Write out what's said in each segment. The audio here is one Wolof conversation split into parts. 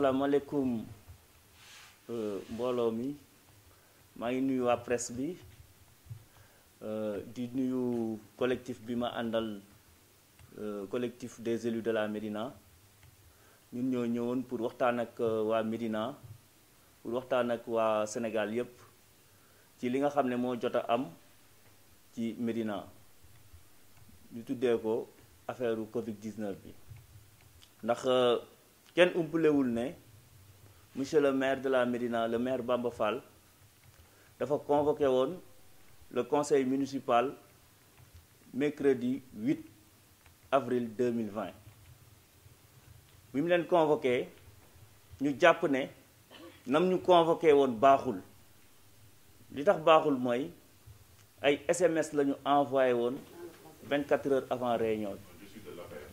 asalaamaaleykum euh, mbooloo mi maa ngi nuyu waa presse bi euh, di nuyu collectif bi ma àndal euh, collectif des élus de la Médina ñun ñoo ñëwoon pour waxtaan ak waa Médina pour waxtaan ak waa Sénégal yépp ci li nga xam ne moo jot a am ci Médina ñu tuddee ko affaire Covid 19 bi ndax. kenn umpalewul ne monsieur le maire de la Médina le maire Bamba Fall dafa convoqué woon le conseil municipal mercredi 8 avril 2020 bi mu leen convoqué ñu jàpp ne nam ñu convoqué woon baaxul li tax baaxul mooy ay SMS la ñu envoyé woon 24 heures avant réunion bi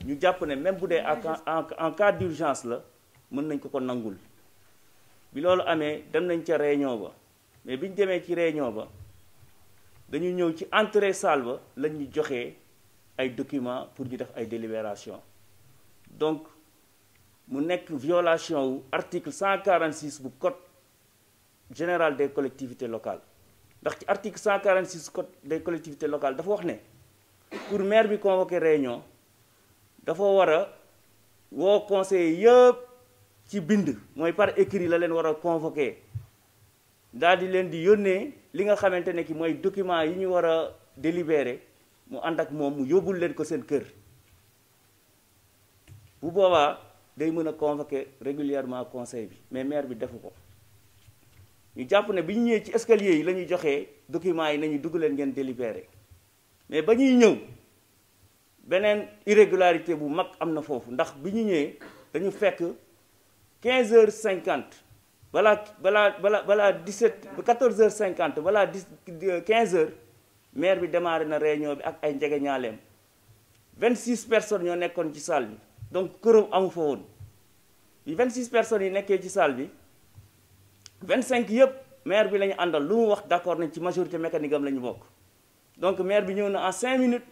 ñu jàpp ne même bu dee en cas d'urgence la mën nañ ko ko nangul bi loolu amee dem nañ ca réunion ba mais bi ñu demee ci réunion ba dañu ñëw ci entrée salle ba lañ ñu joxee ay document pour ñu def ay délibération donc mu nekk violation wu article 146 bu code général de collectivités locale ndax ci article 146 code des collectivités locales dafa wax ne pour maire bi convoquer réunion dafa war a woo conseil yëpp ci bind mooy par écris la leen war a convoqué daal di leen di yónnee li nga xamante ne ki mooy document yi ñu war a délibéré mu ànd ak moom mu yóbbul leen ko seen kër bu boobaa day mën a convoqué régulièrement conseil bi mais maire bi defu ko ñu jàpp ne bi ñu ñëwee ci escalier yi la ñuy joxee documents yi nañu dugg leen ngeen délibéré mais ba ñuy ñëw beneen irrégularité bu mag am na foofu ndax bi ñu ñëwee dañu fekk quinze heures cinquante balaa balaa balaa balaa 17 14 heures cinquante balaa 10 15 heures maire bi démarré na réunion bi ak ay njegeñaaleem 26 personnes ñoo nekkoon ci salle bi donc këram amu fa woon bi 26 personnes yi nekkee ci salle bi 25 yëpp maire bi la àndal lu mu wax d'accord nañ ci majorité mécanique am la ñu bokk donc maire bi ñëw na en 5 minutes.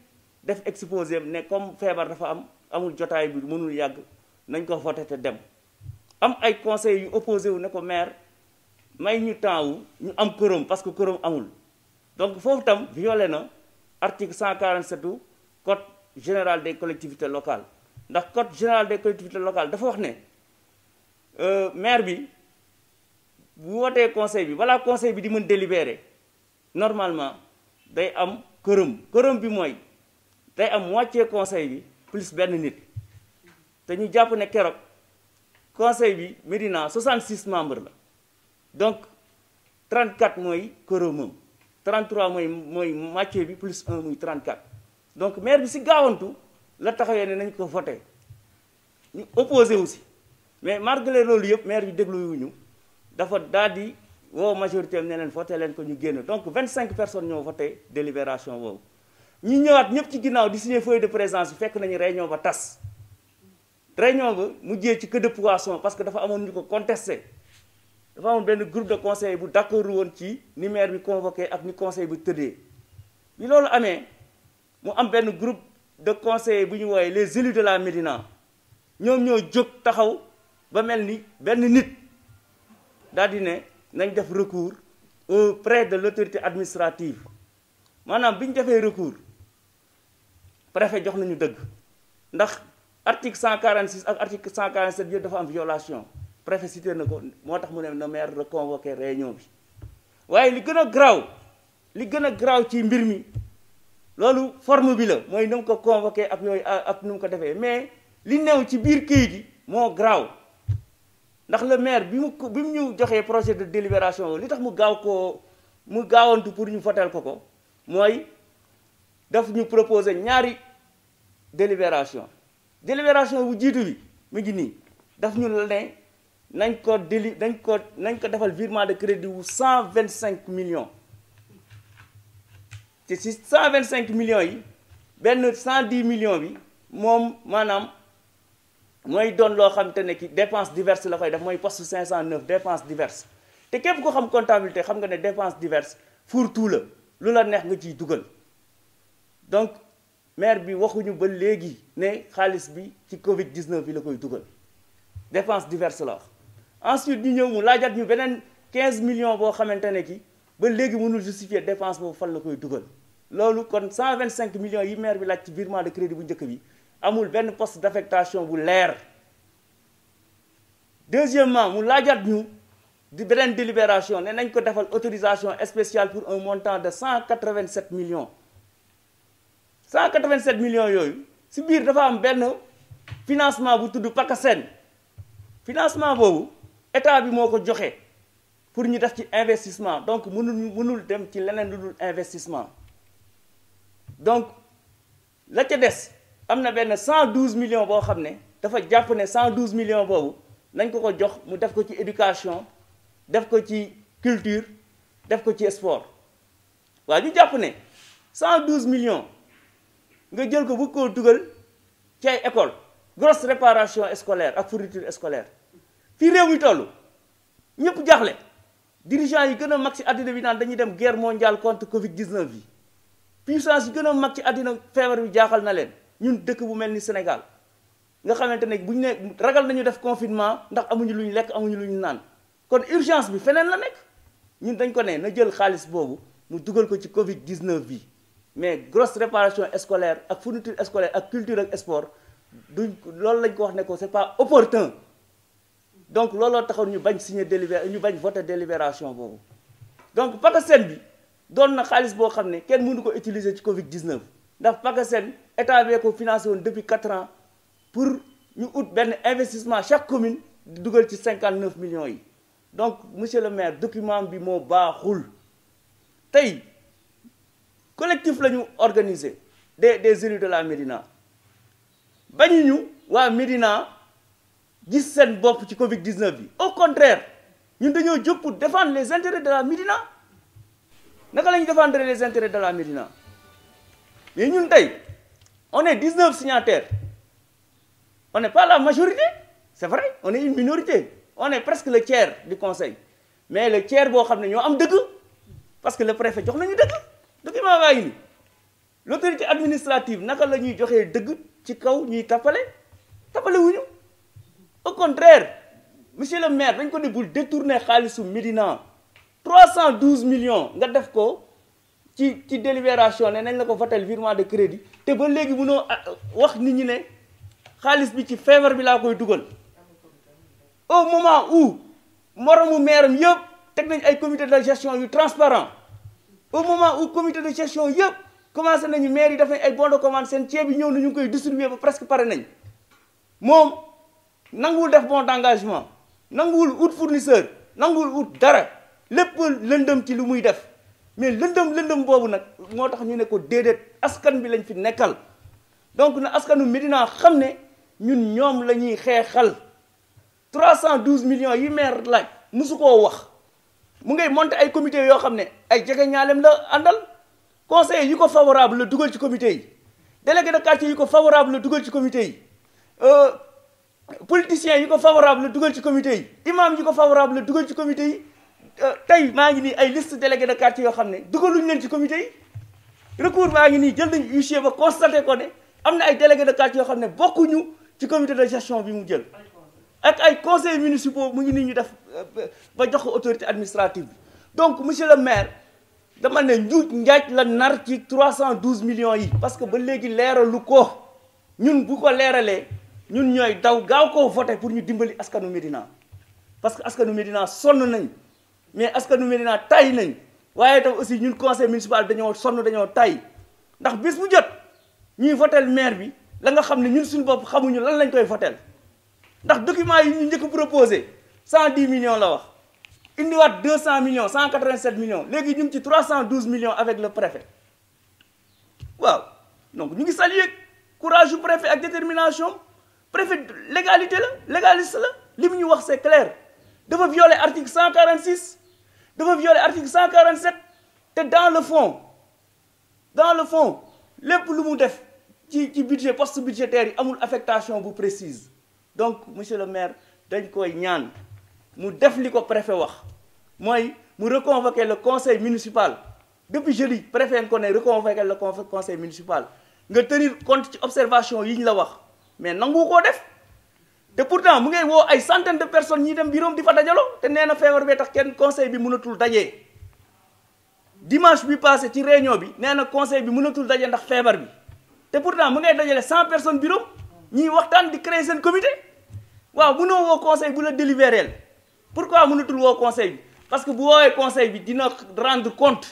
def exposé am ne comme feebar dafa am amul jotaay bi mënul yàgg nañ ko voté te dem am ay conseils yu opposé wu ne ko maire may ñu temps wu ñu am këram parce que këram amul donc foofu tam violé na article 147 du code général des collectivités locale ndax code général des collectivités locales dafa wax ne euh, maire bi bu wootee conseil bi balaa conseil bi di mën délibérer normalement day am këram këram bi mooy day am moitié conseil bi plus benn nit te ñu jàpp ne keroog conseil bi Médina 66 membre la donc trent 34 mooy koro moom 33 mooy mooy moitié bi plus 1 muy 34 donc maire bi si gaawantu la taxawee ne nañ ko voté ñu opposé wu si mais malgré loolu yëpp maire bi dégluwuñu dafa daal di woo majorité am ne leen voté leen ko ñu génn donc 25 personnes ñoo voté délibération boobu ñi ñëwaat ñëpp ci ginnaaw di signé feuille de présence bu fekk nañu réunion ba tas réunion ba jee ci queue de poisson parce que dafa amoon ñu ko contesté dafa amoon benn groupe de conseil bu d'accord woon ci ni bi convoqué ak ni conseil bu tëddee bi loolu amee mu am benn groupe de conseil bu ñu wooyee les élus de la Médina ñoom ñoo jóg taxaw ba mel ni benn nit daal di ne nañ def recours près de l'autorité administrative maanaam bi ñu defee recours préfet jox nañu dëgg ndax artique article 146 ak artique article 147 yëpp dafa am violation préfet cité na ko moo tax mu ne na maire reconvoqué réunion bi waaye li gën a garaaw li gën a garaaw ci mbir mi loolu forme bi la mooy nu ko convoqué ak yooyu ak nu ko defee mais li new ci biir këyit yi moo garaaw ndax la maire bi mu ko bi mu ñu joxee projet de délibération li tax mu gaaw koo mu gaawantu pour ñu votel ko ko mooy daf ñu proposer ñaari délibération délibération bu jiitu bi mu ngi nii daf ñu la ne nañ ko déli nañ ko nañ ko defal virement de crédit wu cent vingt cinq millions te ci cent vingt cinq millions yi benn cent dix million bi moom maanaam mooy doon loo xam te ne ki dépense diverse la koy def mooy poste cinq cent neuf dépense diverse te képp ko xam comptabilité xam nga ne dépense diverse pour tout la lu la neex nga ciy dugal donc maire bi waxuñu ba léegi ne xaalis bi ci Covid 19 bi la koy dugal dépense diverse la wax ensuite ñu ñëw mu laajat ñu beneen quinze millions boo xamante ne ki ba léegi mënul justifier dépense boobu fan la koy dugal loolu kon cent cinq millions yi maire bi laaj ci virement de crédit bu njëkk bi amul benn poste d'affectation bu leer deuxièmement mu laajat ñu di beneen délibération ne nañ ko defal autorisation espécial pour un montant de 187 millions. 187 millions yooyu si biir dafa am benn financement bu tudd PACASEN financement boobu état bi moo ko joxe pour ñu def ci investissement donc mënul mënul dem ci leneen lu dul investissement donc la ca des am na benn cent 112 million boo xam ne dafa jàpp ne cent douze million boobu nañ ko ko jox mu def ko ci éducation def ko ci culture def ko ci sport waaye ñu jàpp ne 112 million nga jël ko bu koo dugal ci ay école grosse réparation scolaire ak fourniture scolaire fii réew mi toll ñëpp jaaxle dirigeants yi gën a mag ci àddina bi naan dañuy dem guerre mondiale contre Covid 19 bi puissance yi gën a mag ci àddina feebar bi jaaxal na leen ñun dëkk bu mel ni Sénégal nga xamante ne bu ñu ne ragal nañu def confinement ndax amuñu lu ñu lekk amuñu lu ñu naan kon urgence bi feneen la nekk ñun dañ ko nee na jël xaalis boobu mu dugal ko ci Covid 19 bi. mais grosse réparation scolaire ak fourniture scolaire ak culture ak sport duñ loolu lañ ko wax ne ko c'est pas opportun donc looloo taxoon ñu bañ signer délibération ñu bañ voter délibération boobu donc PACASEN bi doon na xaalis boo xam ne kenn mënu ko utiliser ci Covid 19 ndax PACASEN état bee ko financé woon depuis 4 ans pour ñu ut benn investissement chaque commune dugal ci cinquante 59 millions yi donc monsieur le maire document bi moo baaxul tey. collectif la ñu organisé des des élus de la Médina bañ ñu waa Médina gis seen bopp ci Covid 19 bi au contraire ñun dañoo jóg pour défendre les intérêts de la Médina naka lañu ñu défendre les intérêts de la Médina mais ñun tey on est 19 signataires on n'est pas la majorité c'est vrai on est une minorité on presque le tiers du conseil mais le tiers boo xam ne ñoo am dëgg parce que le préfet jox ñu dëgg. document baa ngi nii l'autorité administrative naka la ñuy joxee dëgg ci kaw ñuy tappale tappale wuñu au contraire monsieur le maire dañ ko ne bul détourner xaalisu Médina douze million nga def ko ci ci délibération ne nañ na ko votel virement de crédit te ba léegi mu mënoo ah, wax nit ñi ne xaalis bi ci feebar bi laa koy dugal au moment où moromu maire am yëpp teg nañ ay comité de gestion yu transparent au moment où comité de gestion yëpp commencé nañu maire yi def nañ ay bon de commande seen ceeb yi ñëw na ñu ngi koy distribuer ba presque pare nañ moom nanguwul def bon d'engagement nanguwul ut fournisseur nanguwul ut dara lépp lëndëm ci lu muy def mais lëndëm lëndëm boobu nag moo tax ñu ne ko déedéet askan bi lañ fi nekkal donc na askanu Médina xam ne ñun ñoom la ñuy xeexal douze millions yi maire laaj musu koo wax mu ngay monter ay comité yoo xam ne ay jege ñaalem la àndal conseillers yi ko favorable la dugal ci comité yi délégué de quartier ko favorable dugal ci comité yi euh, politiciens yu ko favorable la dugal ci comité yi imam yu ko favorable la dugal ci comité yi euh, tey maa ngi nii ay liste délégué de quartier yoo xam ne dugaluñ leen ci comité yi recours maa ngi nii jël nañ huissier ba constaté ko ne am na ay délégué de quartier yoo xam ne bokkuñu ci comité de gestion bi mu jël ak ay conseils municipaux mu ngi nii ñu def ba jox autorité administrative bi donc monsieur le maire dama ne njuuj njaaj la nar ci 312 millions yi parce que ba léegi leeralu ko ñun bu ko leeralee ñun ñooy daw gaaw koo voté pour ñu dimbali askanu Médina parce que askanu Médina sonn nañ mais askanu Médina tay nañ waaye tam aussi ñun conseil municipal dañoo sonn dañoo tay ndax bis bu jot ñuy votel maire bi la nga xam ne ñun suñu bopp xamuñu lan lañ koy votel ndax document yi ñu njëkk proposé cent dix millions la wax indiwaat deux cent millions cent quatre vingt sept millions léegi ñu ngi ci trois cent douze millions avec le préfet waaw donc ñu ngi saluer courage du préfet ak détermination préfet légalité la légaliste la li mu ñu wax c'est clair dafa violer article cent quarante six dafa violer article cent quarante sept te dans le fond dans le fond lépp lu mu def ci ci budget poste budgétaire yi amul affectation bu précise donc monsieur le maire dañ koy ñaan mu def li ko préfet wax mooy mu reconvoquer le conseil municipal depuis jeudi préfet nga ko ne reconvoquer le conseil municipal nga tenir compte ci observation yi ñu la wax mais nangu koo def te pour pourtant mu ngay woo ay centaine de personnes ñi dem biroom di fa dajaloo te nee na feebar bee tax kenn conseil bi mënatul daje dimanche bi passé ci réunion bi nee na conseil bi mënatul daje ndax feebar bi te pourtant mu ngay dajale cent personnes biroom ñuy waxtaan di créer seen comité waaw mënoo woo conseil bu la délibéreel pourquoi mënatul woo conseil bi parce que bu woowee conseil bi dina rendre compte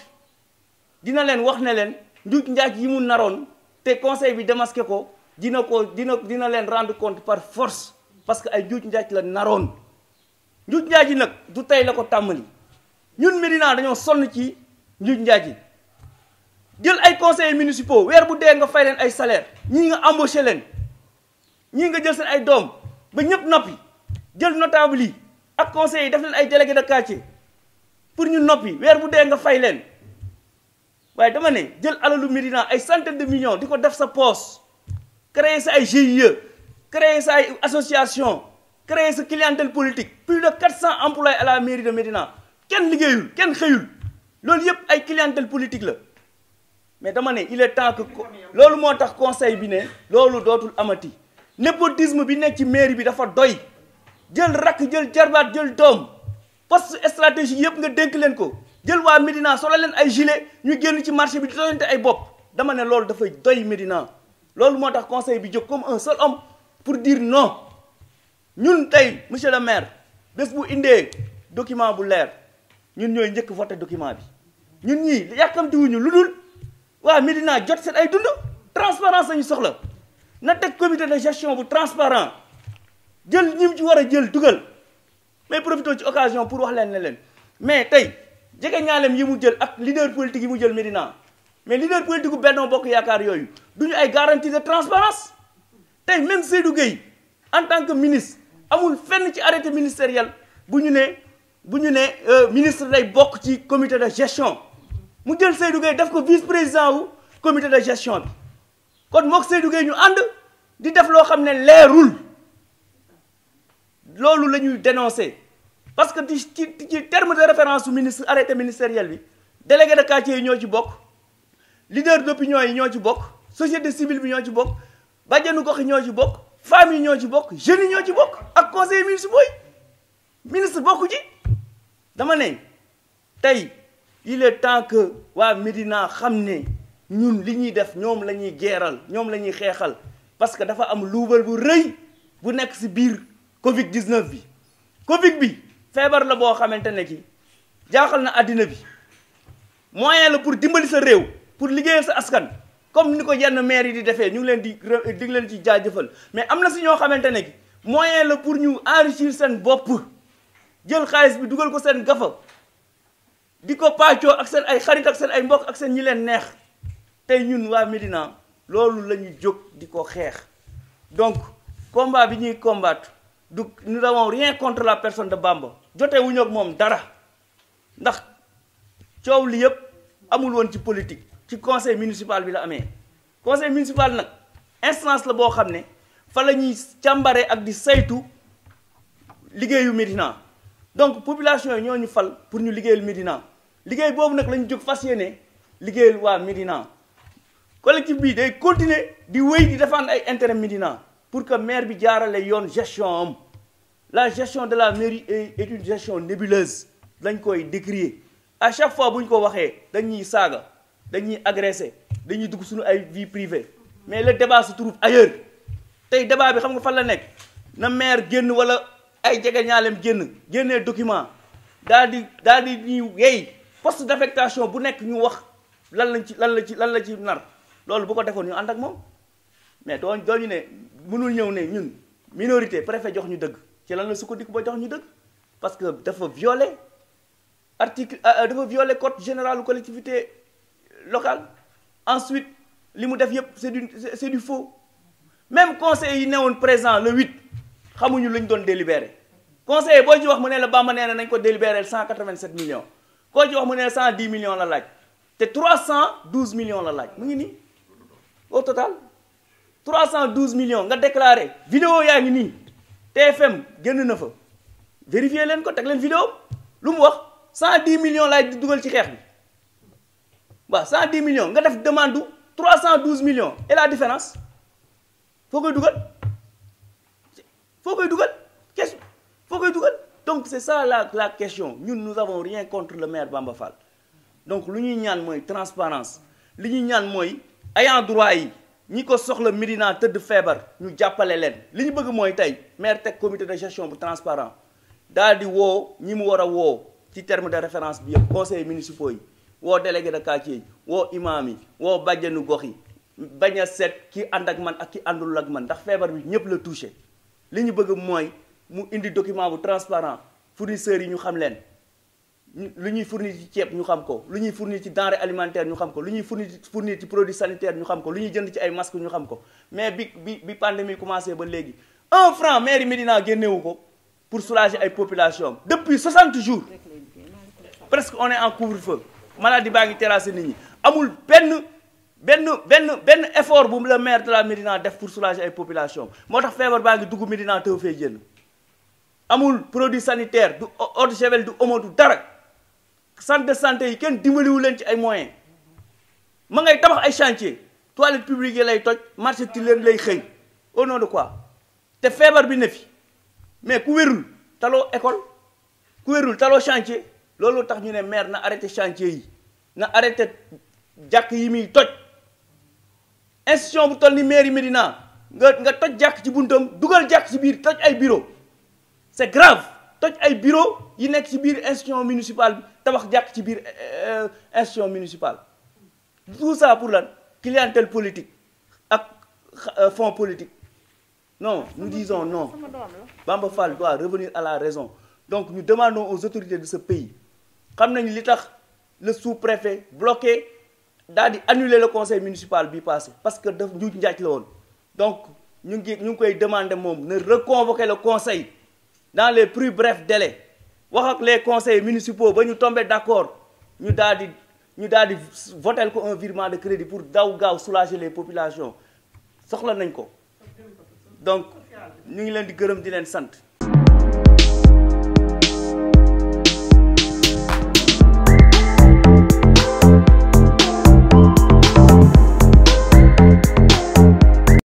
dina leen wax ne leen njuuj njaaj yi mu naroon te conseil bi démasqué ko dina ko dina dina leen rendre compte par force parce que ay njuuj njaaj la naroon njuuj njaaj yi nag du tey la ko tàmmali ñun Médina dañoo sonn ci njuuj njaaj yi jël ay conseillers municipaux weer bu dee nga fay leen ay salaire ñi nga embauché leen ñii nga jël seen ay doom ba ñëpp noppi jël notable yi ak conseil yi def leen ay délégué de quartier pour ñu noppi weer bu dee nga fay leen waaye dama ne jël alalu Médina ay centaine de millions di ko def sa poos créer sa ay GIE créer sa association créer sa clientèle politique plus de 400 employés à la mairie de Médina kenn liggéeyul kenn xëyul loolu yëpp ay clientèle politique la mais dama ne il est temps loolu moo tax conseil bi ne loolu dootul amati. népotisme bi nekk ci mairie bi dafa doy jël rakk jël jarbaat jël doom poste stratégie yëpp nga dénk leen ko jël waa Médina solo leen ay gilet ñu génn ci marché bi di tojante ay bopp dama ne loolu dafay doy Médina loolu moo tax conseil bi jóg comme un seul homme pour dire non ñun tey monsieur le maire bés bu indee document bu leer ñun ñooy njëkk voté document bi ñun ñii yàkkamtiwuñu lu dul waa Médina jot seen ay dund transparence lañu soxla na teg comité de gestion bu transparent jël ñi mu ci war a jël dugal mais profité ci occasion pour wax leen ne leen mais tey jege ñaaleem yi mu jël ak leader politique yi mu jël Médina mais leader politique bu Benno Bokk Yaakaar yooyu du ñu ay garantie de transparence tey même Seydou Gueye en tant que ministre amul fenn ci arrêté ministériel bu ñu ne bu ñu ne euh, ministre day bokk ci comité de gestion mu jël Seydou Gueye def ko vice président wu comité de gestion bi kon mook Seydou Gueye ñu ànd di def loo xam ne leerul loolu la ñuy dénoncer parce que di ci ci terme de référence su ministre arrêté ministériel bi délégué de quartier yi ñoo ci bokk leader d'opinion yi ñoo ci bokk société civile bi ñoo ci bokk bàjjenu gox yi ñoo ci bokk femmes yi ñoo ci bokk jeunes yi ñoo ci bokk ak conseil municipal yi ministre bokk ci dama ne tey il est tant que waa Médina xam ne ñun li ñuy def ñoom la ñuy geeral ñoom la ñuy xeexal parce que dafa am luubal bu rëy bu nekk si biir Covid 19 bi. Covid bi feebar la boo xamante ne ki jaaxal na àddina bi moyen la pour dimbali sa réew pour liggéeyal sa askan comme ni ko yenn maire yi di defee ñu leen di di leen ci jaajëfal mais am na si ñoo xamante ne ki moyen la pour ñu enrichir seen bopp jël xaalis bi dugal ko seen gafa di ko pàccoo ak seen ay xarit ak seen ay mbokk ak seen ñi leen neex. tey ñun waa Médina loolu la ñu jóg di ko xeex donc combat bi ñuy combattre du nous n'avons rien contre la personne de Bamba jote wuñu ak moom dara ndax coow li yëpp amul woon ci politique ci conseil municipal bi la amee conseil municipal nag instance la boo xam ne fa la ñuy càmbare ak di saytu liggéeyu Médina donc population yi ñoo ñu fal pour ñu liggéeyal Médina liggéey boobu nag la ñu jóg fas yéene liggéeyal waa Médina collectif bi day continuer di wéy di défendre ay intérêt Médina pour que maire bi jaarale yoon gestion am la gestion de la mairie est une gestion nébuleuse dañ koy décrier à chaque fois bu ñu ko waxee dañuy saaga dañuy agressé dañuy dugg suñu ay vie privée mais le débat se trouve ailleurs tey débat bi xam nga fan la nekk na maire génn wala ay jege ñaaleem génn génne document daal di daal di ñuy yey poste d' affectation bu nekk ñu wax lan lañ ci lan la ci lan la ci nar loolu bu ko defoon ñu ànd ak moom mais doo doo ñu ne mënul ñëw ne ñun minorité préfet jox ñu dëgg ci lan ko dikk ba jox ñu dëgg parce que dafa violé article euh, euh, dafa violé cote général de collectivité locale ensuite li mu def yëpp c'est du c'est du faux même conseil yi newoon présent le 8 xamuñu lu ñu doon délibéré conseiller boo ci wax mu ne la Bamba nee na nañ ko délibéré 187 millions koo ci wax mu ne la 110 millions la laaj te 312 millions la laaj mu ngi nii. au total douze million nga déclaré vidéo yaa ngi nii TFM génn na fa vérifier leen ko teg leen vidéo lu mu wax 110 million laay dugal ci xeex bi waaw 110 million nga def demande cent 312 million et la différence foo koy dugal foo koy dugal question foo koy dugal donc c'est ça la la question ñun nous avons rien contre le maire Bamba Fall donc lu ñuy ñaan mooy transparence li ñuy ñaan mooy ayant droit yi ñi ko soxla Médina tëdd feebar ñu jàppale leen li ñu bëgg mooy tey maire teg comité de gestion bu transparent daal di woo ñi mu war a woo ci terme de référence bi yëpp conseil municipaux yi woo délégué de quartier yi woo imaam yi woo bàjjenu gox yi bañ a seet ki ànd ak man ak ki àndul ak man ndax feebar bi ñëpp la touché li ñu bëgg mooy mu indi document bu transparent fournisseurs yi ñu xam leen lu ñuy furni ci ceeb ñu xam ko lu ñuy fournir ci denrée alimentaire ñu xam ko lu ñuy fournir fournir ci produit sanitaire ñu xam ko lu ñuy jënd ci ay masque ñu xam ko mais bi bi bi pandémie commencé ba léegi un franc mairie Médina génnewu ko pour soulager ay population depuis 60 jours presque on est en couvre-feu maladie baa ngi terrassé nit ñi amul benn benn benn benn effort bu la maire de la Médina def pour soulager ay population moo tax feebar baa ngi dugg Médina tëw fee génn amul produit sanitaire du eau de dara centre santé yi kenn dimbaliwu leen ci ay moyen ma ngay tabax ay chantier toilette publique yi lay toj marché ti lay xëy au nom de quoi te feebar bi ne fi mais ku wérul taloo école ku wérul taloo chantier loolu tax ñu ne maire na arrêté chantier yi na arrêté jàkk yi muy toj institution bu toll ni mairie Médina nga nga toj jàkk ci buntam dugal jàkk ci biir toj ay bureau c'est grave toj ay bureau yi nekk ci biir institution municipale tabax jàkk ci biir euh, institution municipale tout ça pour lan clientèle politique ak euh, fonds politique non nous disons non Bamba Fall doit revenir à la raison donc ñu demandons aux autorités de ce pays xam nañu li tax le sous-préfet bloqué daal di annuler le conseil municipal bi passé parce que daf njuuj njaaj la woon donc ñu ngi ñu ngi koy demander moom ne reconvoquer le conseil dans les plus brefs délais wax ak les conseil municipaux ba ñu tombé d'accord ñu daal di ñu daal di votel ko un virement de crédit pour daw gaaw soulager les populations soxla nañ ko donc ñu ngi leen di gërëm di leen sant